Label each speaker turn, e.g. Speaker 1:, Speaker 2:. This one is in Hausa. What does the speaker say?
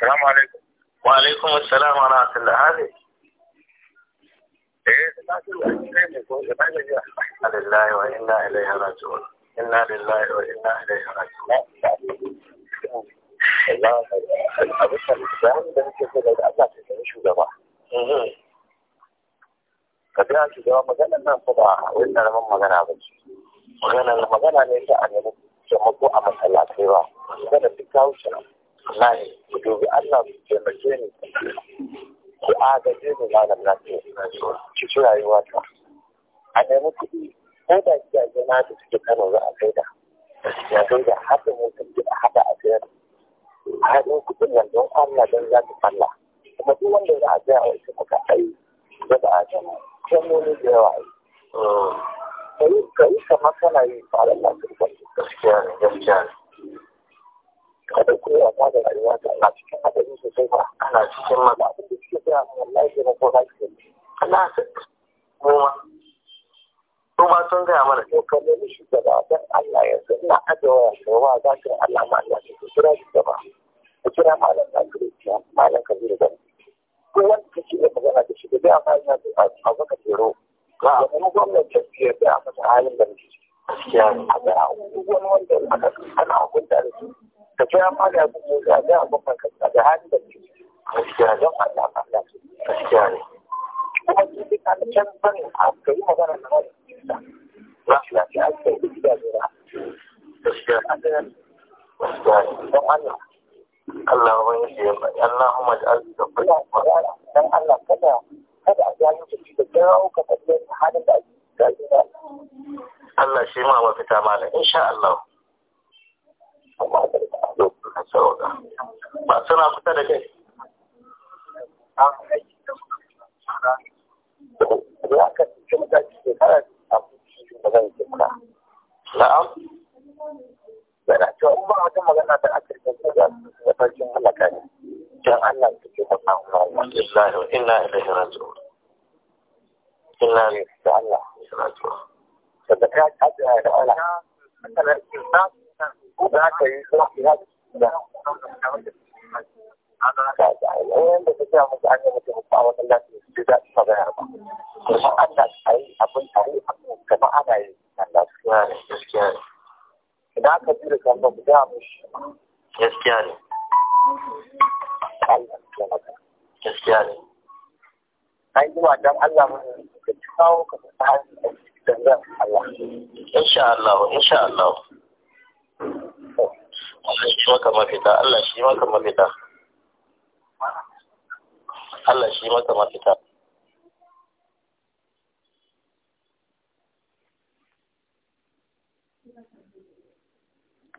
Speaker 1: Assalamu alaikum. Wa alaikum assalam wa rahmatullah. Hadi. Eh, Alhamdulillah wa inna ilaihi raji'un.
Speaker 2: Inna lillahi
Speaker 1: wa inna Allah abin da da nake so daga Allah ta sami shugaba. Ka biya shugaba maganar nan fa ba wai magana ba ce. Maganar magana ne ta a nemi taimako a masallatai ba. Magana duk kawo shi Allah ya dubi Allah ya taimake ni ku agaje ni malam na so ki ci rayuwa ta a nemi kuɗi ko da gidaje na da suke Kano za a da ya kai da da mutum da haɗa a kai a haɗin kuɗin nan don Allah don za ki falla kuma duk wanda za a gaya a ita kuka ai da ba a can can wani da yawa ai eh, ka kamar kana yi fara Allah ka gaskiya ne gaskiya ne kada ku yi wasa da rayuwa ta ana cikin hadari sosai ba ana cikin maza abin da suke gaya mu wallahi sai na ko za ki yi Allah sai mu ma su ma sun gaya mana to ka shi shugaba dan Allah ya san na ajewa shugaba za ka Allah ma Allah ka kira shugaba ka kira malam ka kira malam ka kira ko wanda kake da magana da shi da ya fa ya a baka tero ga wani gwamnati ya da a halin da nake gaskiya ne a ga wani wanda aka ana hukunta da su da kai amma da abin da da abin da kasa da hali da ke gaskiya don Allah gaskiya ne kuma shi ka da a kai magana na wani da Gaskiya a gida gaskiya gaskiya ne don Allah Allah ya yi Allahumma ja'al da kullu dan Allah kada kada a gani da shi da dawo ka tabbata da ake Allah shi ma mafita mana, insha Allah suka sauka ba suna kusa da kai a da wanda ta ka Allah Allah maka mafita Allah shi maka mafita Allah shi maka mafita